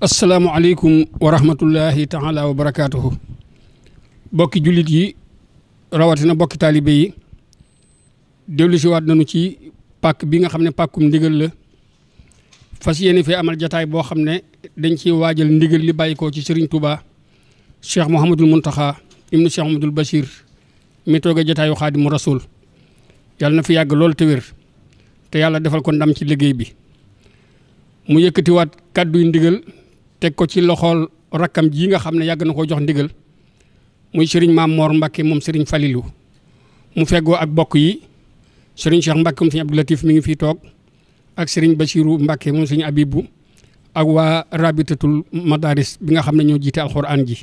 asalaamualeykum wa rahmatullahi taala wa barakaatuhu bokki jullit yi rawatina bokki taalibe yi dellu si waat nañu ci pàkk bi nga xam ne pàkkum ndigal la fas yéene fi amal jataay boo xam ne dañ ciy waajal ndigal li bàyyikoo ci Serigne Touba Cheikh Mouhamadul Mountakha ibnu Cheikh Mouhamadul Bachir mi toogee jataayu Xaadimu Rasul yàlla na fi yàgg loolu te te yàlla defal ko ndam ci liggéey bi mu yëkkatiwaat kàdduy ndigal teg ko ci loxool rakkam ji nga xam ne yàgg na koo jox ndigal muy sëriñ maam Mor Mbacke moom sëriñ Falilou mu feggoo ak bokk yi sëriñ Cheikh Mbacke moom sëriñ Abdou mi ngi fi toog ak sëriñ Bachirou Mbacke moom sëriñ Abibou ak waa rabitatul madaris bi nga xam ne ñoo jiite alxuraan ji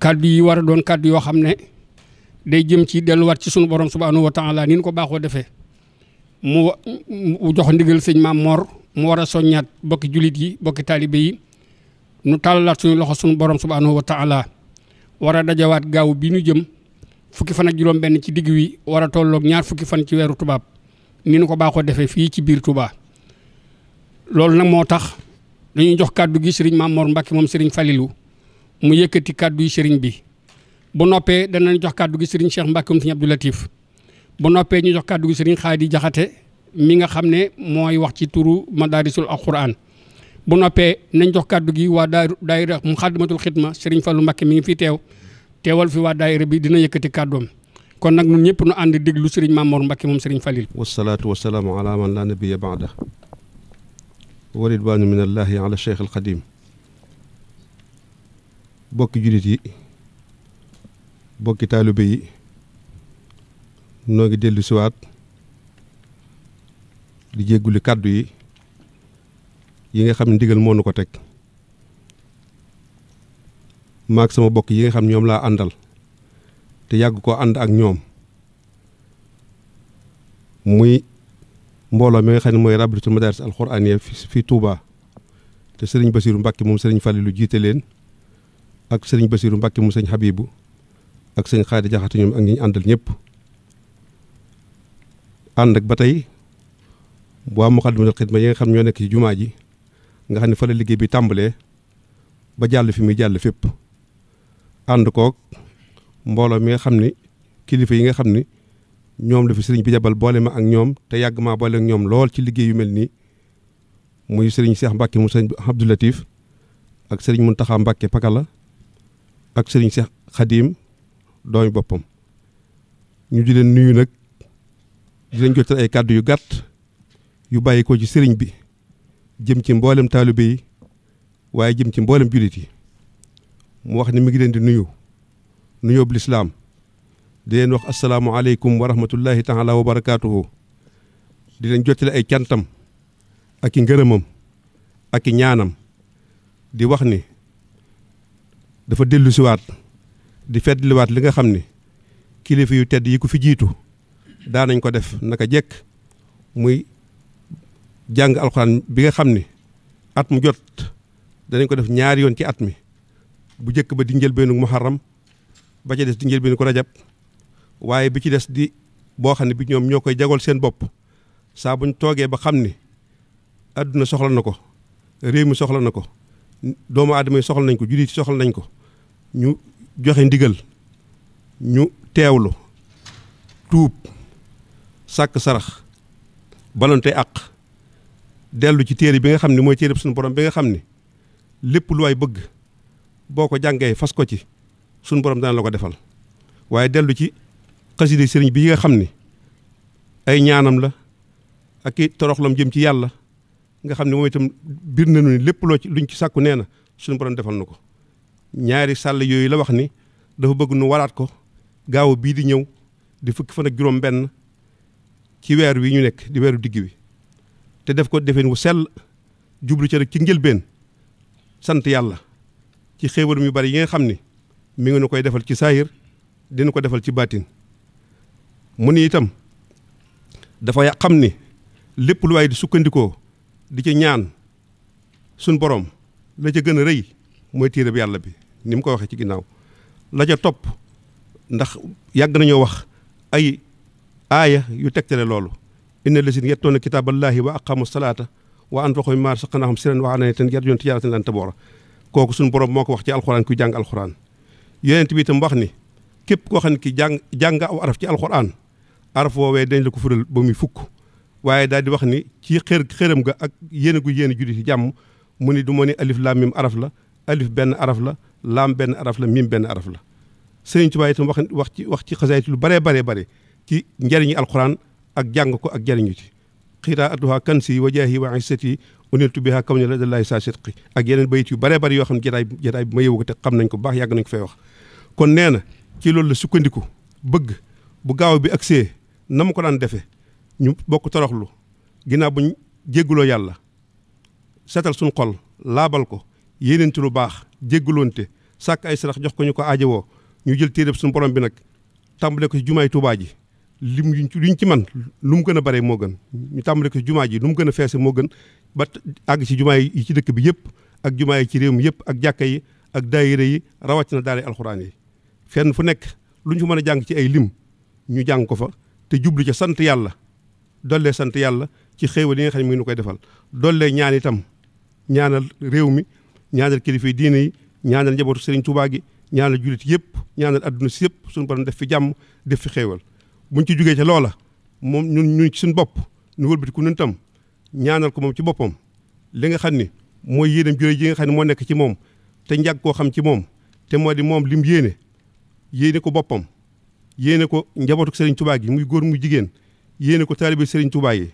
kàddu yi war a doon kàddu yoo xam ne day jëm ci delluwaat ci sunu borom subhaanahu wa taala ni ñu ko baaxoo defee mu jox ndigal sëñ maam Mor mu war a soññaat bokki jullit yi bokki taalibe yi nu tàllalaat suñu loxo suñu borom subhaanahu wa taala war a dajawaat gaaw bi ñu jëm fukki fan ak juróom-benn ci digg wi war a tolloog ñaar fukki fan ci weeru tubaab ni nu ko baaxoo defee fii ci biir Touba loolu nag moo tax dañuy jox kàddu gi sëriñ Mamoor Mbàkke moom sëriñ Falilu mu yëkkati kàddu yi sëriñ bi bu noppee danañ jox kàddu gi sëriñ Cheikh Mbàkke moom sëriñ Abdou Latif bu noppee ñu jox kàddu gi sëriñ Xaadi Jaxate mi nga xam ne mooy wax ci turu madaarisul alquran bu noppee nañ jox kàddu gi waa daa daayira Muxaddamatul Xidma Serigne Fallou Mbacké mi ngi fi teew teewal fi waa daayira bi dina yëkkati kàddoom kon nag ñun ñëpp nu ànd déglu Serigne Mamour Mbacké moom Serigne Fallil wasalaatu wasalaamu ala man laa nabiya baada wa ridwaanu min ala cheikh al bokki jullit yi bokki taalibe yi noo ngi dellu siwaat di jégguli kàddu yi yi nga xam ne ndigal moo nu ko teg maag sama bokk yi nga xam ñoom laa àndal te yàgg koo ànd ak ñoom muy mbooloo mi nga xam ne mooy rabitul madaris alxuraaniya fii Touba te sëriñ Basiru Mbàkke moom sëriñ lu jiite leen ak sëriñ Basiru Mbàkke moom sëriñ Habibu ak sëriñ Xaadi Jaxate ñoom ak ñi àndal ñëpp ànd ak ba tey waa Muxaddamatul Xidma yi nga xam ñoo nekk ci jumaa ji nga xam ne fa la liggéey bi tàmbalee ba jàll fi muy jàll fépp ànd koog mbooloo mi nga xam ni kilifa yi nga xam ni ñoom la fi sëriñ bi jabal boole ma ak ñoom te yàgg maa boole ak ñoom lool ci liggéey yu mel nii muy sëriñ Cheikh Mbacke mu sëriñ Abdou Latif ak sëriñ Mountakha Mbacke Pakala ak sëriñ Cheikh Khadim doomi boppam ñu di leen nuyu nag di leen jottal ay kàddu yu gàtt yu bàyyi ko ci sëriñ bi jëm ci mboolem taalibe yi waaye jëm ci mboolem jullit yi mu wax ne mi ngi leen di nuyu nuyoo bu lislaam di leen wax asalaamualeykum wa rahmatullahi taala wa barakaatuhu di leen jottali ay cantam ak i ngërëmam ak i ñaanam di wax ni dafa dellusiwaat siwaat di feddliwaat li nga xam ni kilifa yu tedd yi ku fi jiitu daanañ ko def naka jekk muy jàng alxuraan bi nga xam ni at mu jot danañ ko def ñaari yoon ci at mi bu njëkk ba di njëlbeenu muharram ba ca des di njëlbeenu ko rajab waaye bi ci des di boo xam ne bi ñoom ñoo koy jagool seen bopp saa buñ toogee ba xam ni adduna soxla na ko réew mi soxla na ko doomu aadama yi soxla nañ ko jullit yi soxla nañ ko ñu joxe ndigal ñu teewlu tuub sàkk sarax baloon balonte àq dellu ci téere bi nga xam ne mooy téere suñu borom bi nga xam ne lépp lu waay bëgg boo ko jàngee fas ko ci suñu borom dana la ko defal waaye dellu ci xasida sëriñ bi yi nga xam ni ay ñaanam la ak i toroxlam jëm ci yàlla nga xam ne mooy itam biir nañu ni lépp loo ci luñ ci sàkku nee na suñu borom defal nu ko ñaari sàll yooyu la wax ni dafa bëgg nu waraat ko gaaw bii di ñëw di fukki fan ak juróom benn ci weer wi ñu nekk di weeru digg wi te def ko defeen wu sell jublu ca ci njëlbeen sant yàlla ci xéewal yu bari yi nga xam ni mi ngi nu koy defal ci saayir dina ko defal ci baatin mu ni itam dafa xam ni lépp lu waay di sukkandikoo di ci ñaan sun boroom la ca gën a rëy mooy téere bi yàlla bi ni mu ko waxee ci ginnaaw laja topp ndax yàgg nañoo wax ay aaya yu tegtale loolu inna lazina yattuuna kitaaballahi wa aqamu salaata wa anfaqu mimmaa razaqnaahum sirran wa alaaniyatan yarjuuna tijaaratan lan tabuur kooku suñu borom moo ko wax ci alxuraan ku jàng alxuraan yonent bi itam wax ni képp koo xam ne ki jàng jàng aw araf ci alxuraan araf woowee dañ la ko fural ba fukk waaye daal di wax ni ci xër xëram ga ak yéen gu yéen a juddi ci mu ni du ma ni alif laam mim la alif benn araf la laam benn araf la mim benn araf la Sëriñ Tuubaa itam wax wax ci wax ci xasaayit lu baree baree bare ci njariñi alxuraan ak jàng ko ak jariñu ci xiraatuha kansi wa jaahi wa isati uniltu biha kaw ne la dalaay saa sidqi ak yeneen bayit yu baree bari yoo xam ne jataay bi ma yëwu ko xam nañ ko baax yàgg nañ ko fay wax kon nee na ci loolu la sukkandiku bëgg bu gaaw bi agsee see nama ko daan defee ñu bokk toroxlu ginnaaw buñ jégguloo yàlla setal suñ xol laabal ko yéeneen ci lu baax jéggaloonte sàkk ay sarax jox ko ñu ko aajowoo ñu jël téeréb suñu borom bi nag tàmbale ko ci jumaay Tuubaa lim yuñ ci luñ ci man lu mu gën a bare moo gën ñu tàmbale ko ci jumaa ji lu mu gën a feese moo gën ba àgg ci jumaa yi ci dëkk bi yëpp ak jumaa yi ci réew mi yëpp ak jàkka yi ak daayira yi rawatina daara alxuraan yi fenn fu nekk lu fu fa mën a jàng ci ay lim ñu jàng ko fa te jublu ca sant yàlla dollee sant yàlla ci xéewal yi nga xam ne mu ngi nu koy defal dollee ñaan itam ñaanal réew mi ñaanal kilifa diine yi ñaanal njabootu Serigne Touba gi ñaanal jullit yëpp ñaanal adduna si yëpp suñu borom def fi jàmm def fi buñ ci jugee ca loola moom ñun ñun ci suñu bopp ñu wëlbatiku ñun tam ñaanal ko moom ci boppam li nga xam ni mooy yéenam jure ji nga xam ne moo nekk ci moom te njàgg koo xam ci moom te moo di moom lim yéene yéene ko boppam yéene ko njabootu Serigne Touba gi muy góor mu jigéen yéene ko taalibe Serigne Touba yi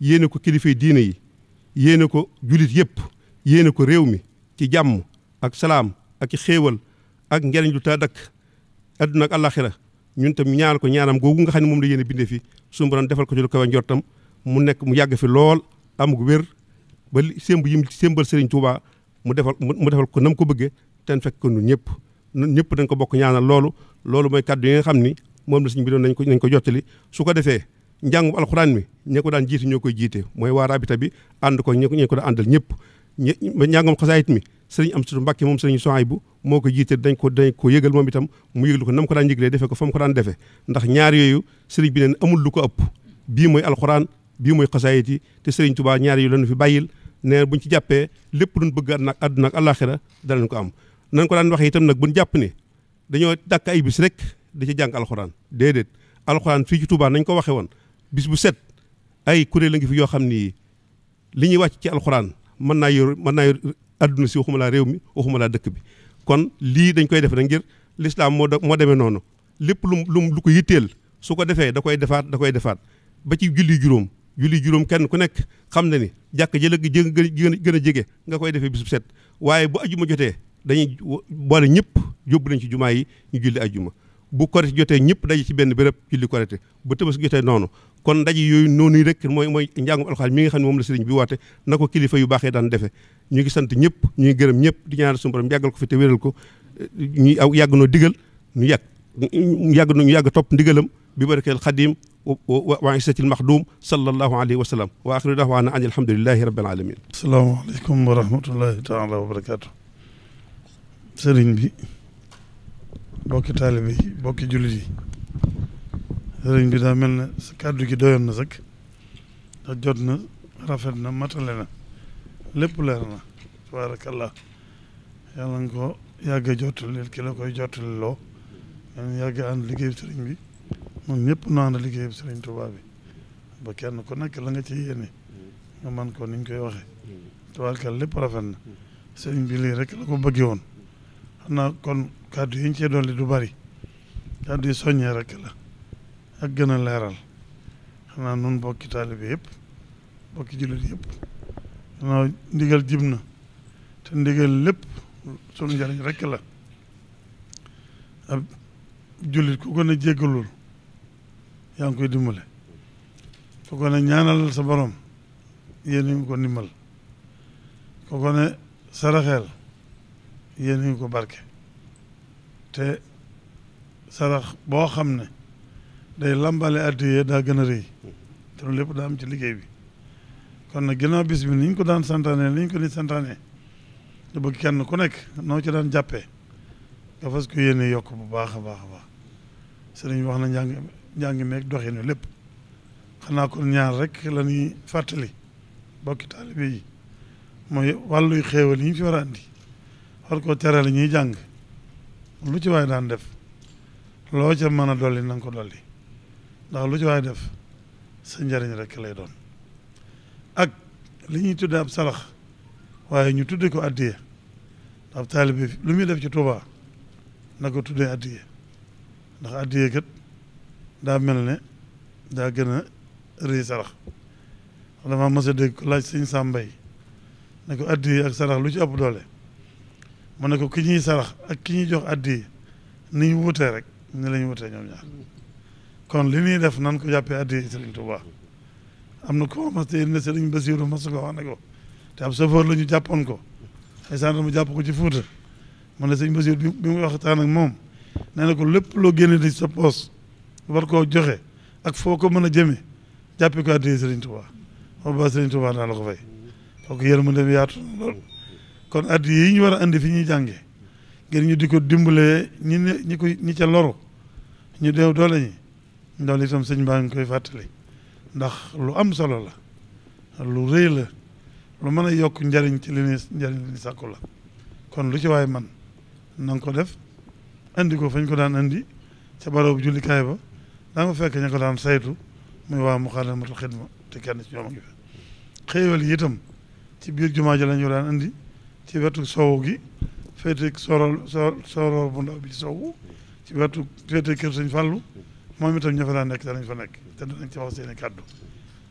yéene ko kilifa diine yi yéene ko julit yëpp yéene ko réew mi ci jàmm ak salaam ak ki xéewal ak njariñ lu taa dakk adduna ak àllaaxira ñun tam ñaanal ko ñaanam googu nga xam ne moom la yéen a bindee fi suñu borom defal ko ci lu kawe njortam mu nekk mu yàgg fi lool am gu wér ba sémb yim sémbal Serigne Touba mu defal mu defal ko nam ko bëggee ten fekk ko ñun ñëpp ñun ñëpp dañ ko bokk ñaanal loolu loolu mooy kàddu yi nga xam ni moom la suñu bi doon ko nañ ko jottali su ko defee njàngum alxuraan mi ñe ko daan jiite ñoo koy jiite mooy waa rabita bi ànd ko ñe ko daan àndal ñëpp njàngum xasaayit mi sëriñ Amsatu Mbàkke moom sëriñ Sohaybu moo ko jiite dañ ko dañ ko yëgal moom itam mu yëglu ko nam ko daan yëglee defee ko fa mu ko daan defee ndax ñaar yooyu sëriñ bi neen amul lu ko ëpp bii mooy alxuraan bii mooy xasaayit ti te sëriñ Tuubaa ñaar yooyu lañu fi bàyyil nee buñ ci jàppee lépp luñ bëgg nag àdduna ak àllaaxira danañ ko am nañ ko daan waxee itam nag buñ jàpp ne dañoo dàkk ay bis rek di ci jàng alxuraan déedéet fii ci Tuubaa nañ ko waxee woon bis bu set ay kuréel la ngi fi yoo xam ni li ñuy wàcc ci alxuraan mën naa yor mën naa adduna si waxuma laa réew mi waxuma laa dëkk bi kon lii dañ koy def rek ngir lislaam moo moo demee noonu lépp lum lu lu ko yitteel su ko defee da koy defaat da koy defaat ba ci julli juróom julli juróom kenn ku nekk xam ne ni jàkk jëla jë gën a jege nga koy defee bisub set waaye bu ajuma jotee dañu boole ñëpp yóbbu nañ ci jumaa yi ñu julli ajuma bu korite jotee ñëpp daje ci benn béréb julli korite bu tëbas jotee noonu kon ndaje yooyu noonu rek mooy mooy njàngum alxuraan mi nga xam ne moom la sëriñ bi woote na ko kilifa yu baaxee daan defe ñu ngi sant ñëpp ñu gërëm ñëpp di ñaanal suñu borom yàggal ko fi te wéral ko ñu aw yàgg noo digal ñu yàgg ñu yàgg ñu yàgg topp ndigalam bi barakeel xadim wa isatil maxdum sallallahu alayhi wa sallam wa axiru dahwaana an alhamdulilahi rabbil alamin asalaamaaleykum wa rahmatullahi taala wa barakaatu sëriñ bi bokki taalibe yi bokki jullit yi sëriñ bi daa mel na ne kàddu gi doyoon na sëkk ndax jot na rafet na matale na lépp leer na tabarakallah yàlla ko yàgg a jottali ki la koy jottali loo yàlla yàgg ànd liggéey sëriñ bi moom ñëpp nu liggéey bi sëriñ Tuubaa bi ba kenn ku nekk la nga ci yéene nga man ko ni koy waxee tabarakallah lépp rafet na sëriñ bi lii rek la ko bëggee woon xam kon kàddu yi ñu cee dolli du bari kàddu yi soññee rek la ak gën a leeral xanaa nun bokki taalibe yëpp bokki jullit yëpp xanaa ndigal jib te ndigal lépp sunu njariñ rekk la ab jullit ku gën a jéggalul yaa ngi koy dimbale ku gën a ñaanal sa borom yéen a ngi ko ndimbal ku gën a saraxeel yéen a ngi ko barke te sarax boo xam ne day lambale addiye daa gën a rëy te loolu lépp daa am ci liggéey bi kon nag ginnaaw bis bi ko daan santaane ni ko ni santaane ñu bëgg kenn ku nekk noo ci daan jàppe nga fas ko yokk bu baax a baax a baax sëriñ wax na njàng njàng meeg doxinu lépp xanaa ko ñaar rek la ñuy fàttali bokki taalibe mooy wàlluy xéewal yi ñu fi war a andi war koo terale ñuy jàng lu ci waay daan def loo ca mën a dolli na nga ko dolli ndax lu ci waay def sa njariñ rek lay doon ak li ñuy tuddee ab sarax waaye ñu tudde ko addiye ab taalibe bi lu muy def ci Tuuba na ko tuddee addiye ndax addiye kat daa mel ni daa gën a rëy sarax dama mas a dégg ko laaj sëñ Sàmbay ko addiye ak sarax lu ci ëpp doole mu ne ko ki ñuy sarax ak ki ñuy jox addiye ni ñu wutee rek ni la ñu wutee ñoom ñaar kon li ñuy def nan ko jàppee addiya Serigne Touba am na ko mas te ne Serigne Bassirou mas ko wax ne ko te safoor la ñu jàppoon ko ay sànq mu jàpp ko ci Fuuta man ne Serigne Bassirou bi bi muy waxtaan ak moom nee na ko lépp loo génne di sa poos war ko joxe ak foo ko mën a jëmee jàppee ko addiya Serigne Touba boobu ba Serigne Touba naa ko fay kooku yërmande bi yaatu na lool kon addiya yi ñu war a andi fi ñuy jàngee ngir ñu di ko dimbalee ñi ñi ko ñi ca loru ñu deew doole ñi loolu itam sëñ baa ngi koy fàttali ndax lu am solo la lu rëy la lu mën a yokk njariñ ci li ñuy njariñ li ñuy sàkku la kon lu ci waay man na ko def andi ko fañ ko daan andi ca baroobu jullikaay ba daa nga fekk ña ko daan saytu muy waa Muxaddamatul Xidma te kenn ci ñoom a ngi fi xéewal yi ci biir jumaa ji lañu daan andi ci wetu soow gi féete sorol sorol bu ndaw bi ci soow ci wetu féete kër sëñ Fàllu moom itam ña fa daan nekk danañ fa nekk te danañ ci wax seen i kàddu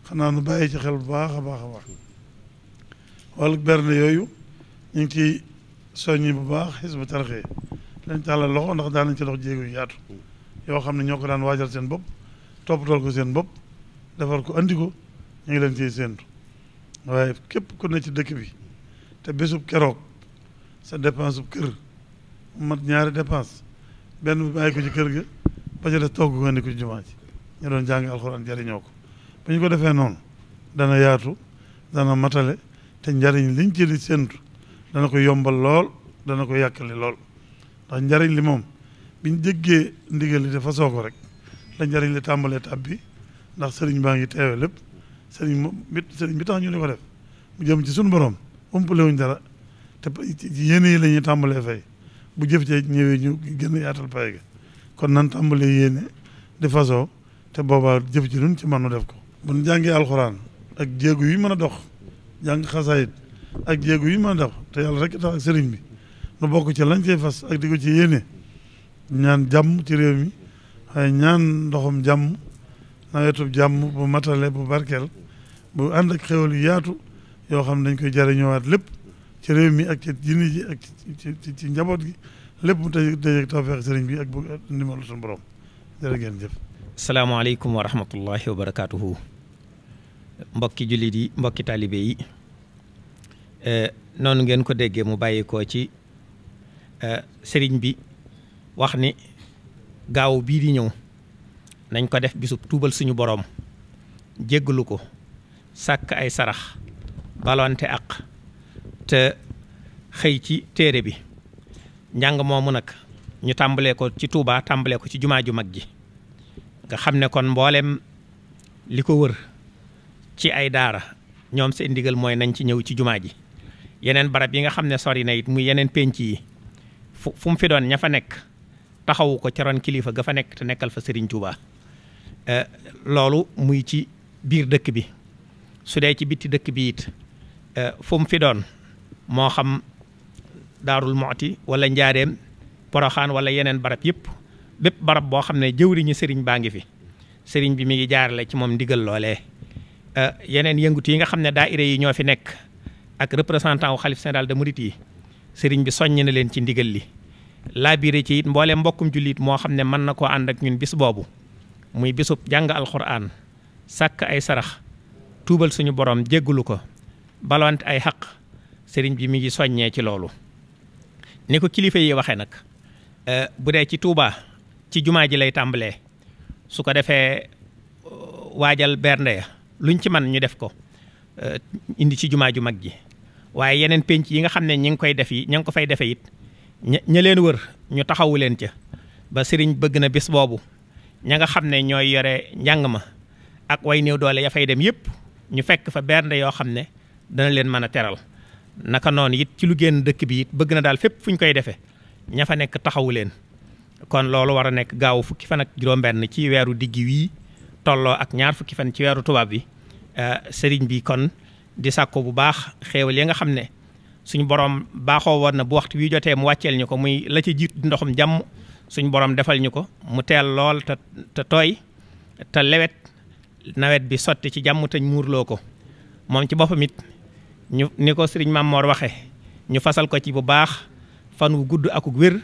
xanaa nu bàyyi ci xel bu baax a baax a baax wàllu berne yooyu ñu ngi ciy soññi bu baax xisbu tarxee lañ tàllal loxo ndax daan nañ ci dox jéego yu yaatu yoo xam ne ñoo ko daan waajal seen bopp tool ko seen bopp defar ko andi ko ñu ngi leen ciy séentu waaye képp ku ne ci dëkk bi te bésu keroog sa dépense bu kër mat ñaari dépense benn bu bàyyi ci kër ga ba ca des togg ko indi ko ci jumaa ji doon jàng alxuraan jariñoo ko bu ñu ko defee noonu dana yaatu dana matale te njariñ liñ ci di séntu dana ko yombal lool dana ko yàkkali lool ndax njariñ li moom biñ jéggee ndigal li dafa soo ko rek la njariñ li tàmbalee tab bi ndax sëriñ baa ngi teewe lépp sëriñ moom bi tax ñu ne ko def mu jëm ci suñu borom umpale wuñ dara te yéene yi la ñuy tàmbalee fay bu jëf ci ñëwee ñu gën a yaatal pay ga kon nan tàmbalee yéene di fasoo te boobaa jëf ji luñ ci mën nu def ko buñ jàngee alxuraan ak jéego yi mën a dox jàng xasaayit ak jéego yi mën a dox te yàlla rek tax ak sëriñ bi nu bokk ci lañ cey fas ak di ko ci yéene ñaan jàmm ci réew mi waaye ñaan ndoxum jàmm nawetub jàmm bu matale bu barkeel bu ànd ak xewal yu yaatu yoo xam ne dañ koy jariñoowaat lépp ci réew mi ak ci jinni ji ak ci ci njaboot gi lépp mu tey dajeeg tawfeex sëriñ bi ak bu ndimalu suñu borom jërë ngeen jëf. salaamaaleykum wa rahmatullahi wa barakaatuhu mbokki jullit yi mbokki taalibe yi e, noonu ngeen ko déggee mu bàyyeekoo ci e, sëriñ bi wax ni gaaw bii di ñëw nañ ko def bisub tuubal suñu boroom jéggalu ko sàkk ay sarax balonte ak te xëy ci téere bi njàng moomu nag ñu tàmbalee ko ci tuubaa tàmbalee ko ci jumaa ju mag ji nga xam ne kon mbooleem li ko wër ci ay daara ñoom seen ndigal mooy nañ ci ñëw ci jumaa ji yeneen barab yi nga xam ne sori na it muy yeneen pénc yi fu fu mu fi doon ña fa nekk taxawu ko ca kilifa ga fa nekk te nekkal fa Serigne Touba eh, loolu muy ci biir dëkk bi su dee ci bitti dëkk bi it eh, fu fi doon moo xam. daarul mooti wala njaareem poroxaan wala yeneen barab yëpp bépp barab boo xam ne jëwriñu sëriñ baa ngi fi sëriñ bi mi ngi jaarale ci moom ndigal loolee euh, yeneen yëngutu yi nga xam ne daayira yi ñoo fi nekk ak représentant wu xalif général de murit yi sëriñ bi soññ na leen ci ndigal li laabire ci it mboolee mbokkum jullit moo xam ne mën na koo ànd ak ñun bis boobu muy bisub jàng alxuraan sàkk ay sarax tuubal suñu borom jéggulu ko balonte ay xaq sëriñ bi mi ngi soññee ci loolu ni ko kilifa yi waxee nag euh, bu dee ci tuubaa ci jumaa ji lay tàmbalee su ko defee euh, waajal bernde ya luñ ci man ñu def ko euh, indi ci jumaa ju mag ji waaye yeneen penc yi nga xam ne ñi ngi koy def yi ña ngi ko fay defee it ña leen wër ñu taxawu leen ca ba sëriñ bëgg na bis boobu ña nga xam ne ñooy yore njàng ma ak way néew doole ya fay dem yëpp ñu fekk fa bernde yoo xam ne dana leen mën a teral naka noonu it ci lu génn dëkk bi it bëgg na daal fépp fu ñu koy defee ña fa nekk taxawu leen kon loolu war a nekk gaaw fukki fan ak juróom-benn ci weeru diggi wii tolloo ak ñaar fukki fan ci weeru tubaab bi euh, sëriñ bi kon di sàkko bu baax xéewal yi nga xam ne suñu borom baaxoo woon na bu waxtu wii jotee mu wàcceel ñu ko muy la ci jiit di ndoxum jàmm suñu borom defal ñu ko mu teel lool te te tooy te lewet nawet bi sotti ci jàmm te muurloo ko moom ci boppam ñu ni ko sëriñ Maam Moor waxe ñu fasal ko ci bu baax fan wu gudd ak wér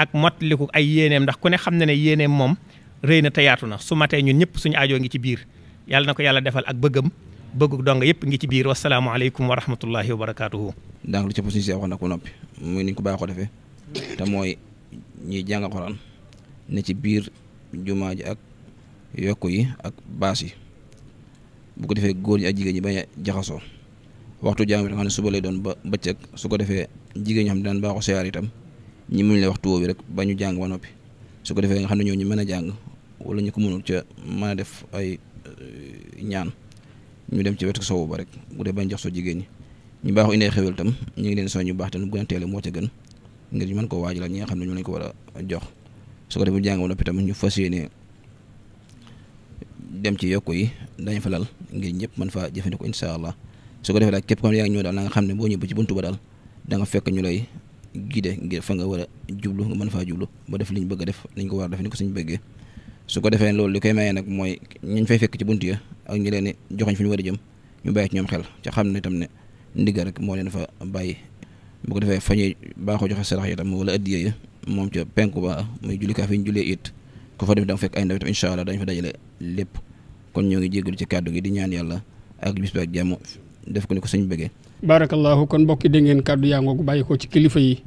ak mottaliku ay yéeneem ndax ku ne xam na ne yéeneem moom rëy na te yaatu na su matee ñun ñëpp suñ ajoo ngi ci biir yàlla na ko yàlla defal ak bëggam bëgg dong yëpp ngi ci biir wasalaamaaleykum wa rahmatullahi wa barakaatuhu. daanaka lu ci suñu si waxoon na ko noppi muy ni ku ko baaxoo defee te mooy ñuy jàng Alxuraan ne ci biir jumaa ji ak yokk yi ak baas yi bu ko defee góor ñi ak jigéen ñi bañ a jaxasoo. waxtu jaam bi nga xam ne suba lay doon ba bëccëg su ko defee jigéen ñoo xam ne daan baaxoo siyaar itam ñi muñ la waxtu woowu rek ba ñu jàng ba noppi su ko defee nga xam ne ñoo ñu mën a jàng wala ñu ko mënul ca mën a def ay euh, ñaan ñu dem ci wetu sowu ba rek bu dee bañ jox so jigéen ñi ñu baaxu indee xewel itam ñu ngi leen soo ñu baax te nu gën a teele moo ca gën ngir ñu mën ko waaj ak ñi nga xam ne ñu lañ ko war a jox su ko defee jàng ba noppi tam ñu fas yéene dem ci yokku yi dañ fa lal ngir ñëpp mën faa jëfandikoo incha allah su ko defee daal képp ko yaa ngi ñëw daal na nga xam ne boo ñëw ba ci buntu ba daal da nga fekk ñu lay guider ngir fa nga war a jublu nga mën faa jublu ba def liñ bëgg def liñ ko war def ni ko ñu bëggee su ko defee loolu li koy mayee nag mooy ñuñ fay fekk ci bunt ya ak ñi leen joxoñ ñu war a jëm ñu bàyyi ñoom xel xam ne tam ne ndigal rek moo leen fa bàyyi bu defee fa ñuy baaxoo joxe sarax yi tam wala addiya yi moom ca penku ba muy julli kaa fi ñu jullee it ko fa dem da fekk ay ndaw itam incha allah dañ fa dajale lépp kon ñoo ngi jégalu ci kàddu gi di ñaan yàlla ak bis bi ak jàmm def ko ni ko sëñ bëggee barakallahu kon mbokki dégg ngeen kàddu yaa ngoogu bàyyi ko ci kilifa yi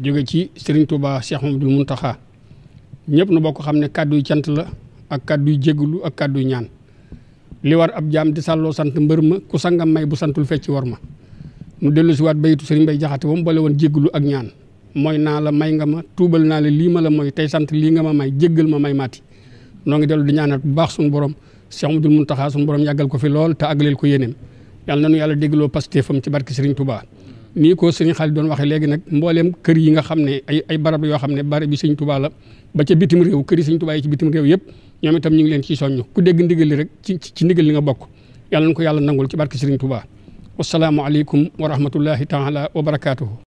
jóge ci sëriñ Serigne Touba Cheikh Mamadou Mountakha ñëpp nu bokk xam ne kàddu yi cant la ak kàddu yu jégalu ak kàddu yu ñaan li war ab jaam di sàlloo sant mbër ma ku sangam may bu santul fecc war ma mu dellu si waat bayitu Serigne Bay Jaxate ba mu boole woon jégalu ak ñaan mooy naa la may nga ma tuubal naa la lii ma la mooy tey sant lii nga ma may jéggal ma may maati noo ngi dellu di ñaanal bu baax suñu borom Cheikh Mamadou Mountakha suñu borom yàggal ko fi lool te àggaleel ko yéeneem yàlla na nu yàlla déggloo pastéefam ci barke Serigne Touba. nii ko sëñ Xaalis doon waxee léegi nag mbooleem kër yi nga xam ne ay barab yoo xam ne barab bi sëñ Touba la ba ca bitim réew kër yi sëñ Touba yi ci bitim réew yëpp ñoom itam ñu ngi leen ciy soññ ku dégg ndigal li rek ci ci ndigal li nga bokk yàlla ko yàlla nangul ci barke Serigne Touba. wasalaamualeykum wa rahmatullahi taala wa barakaatuhu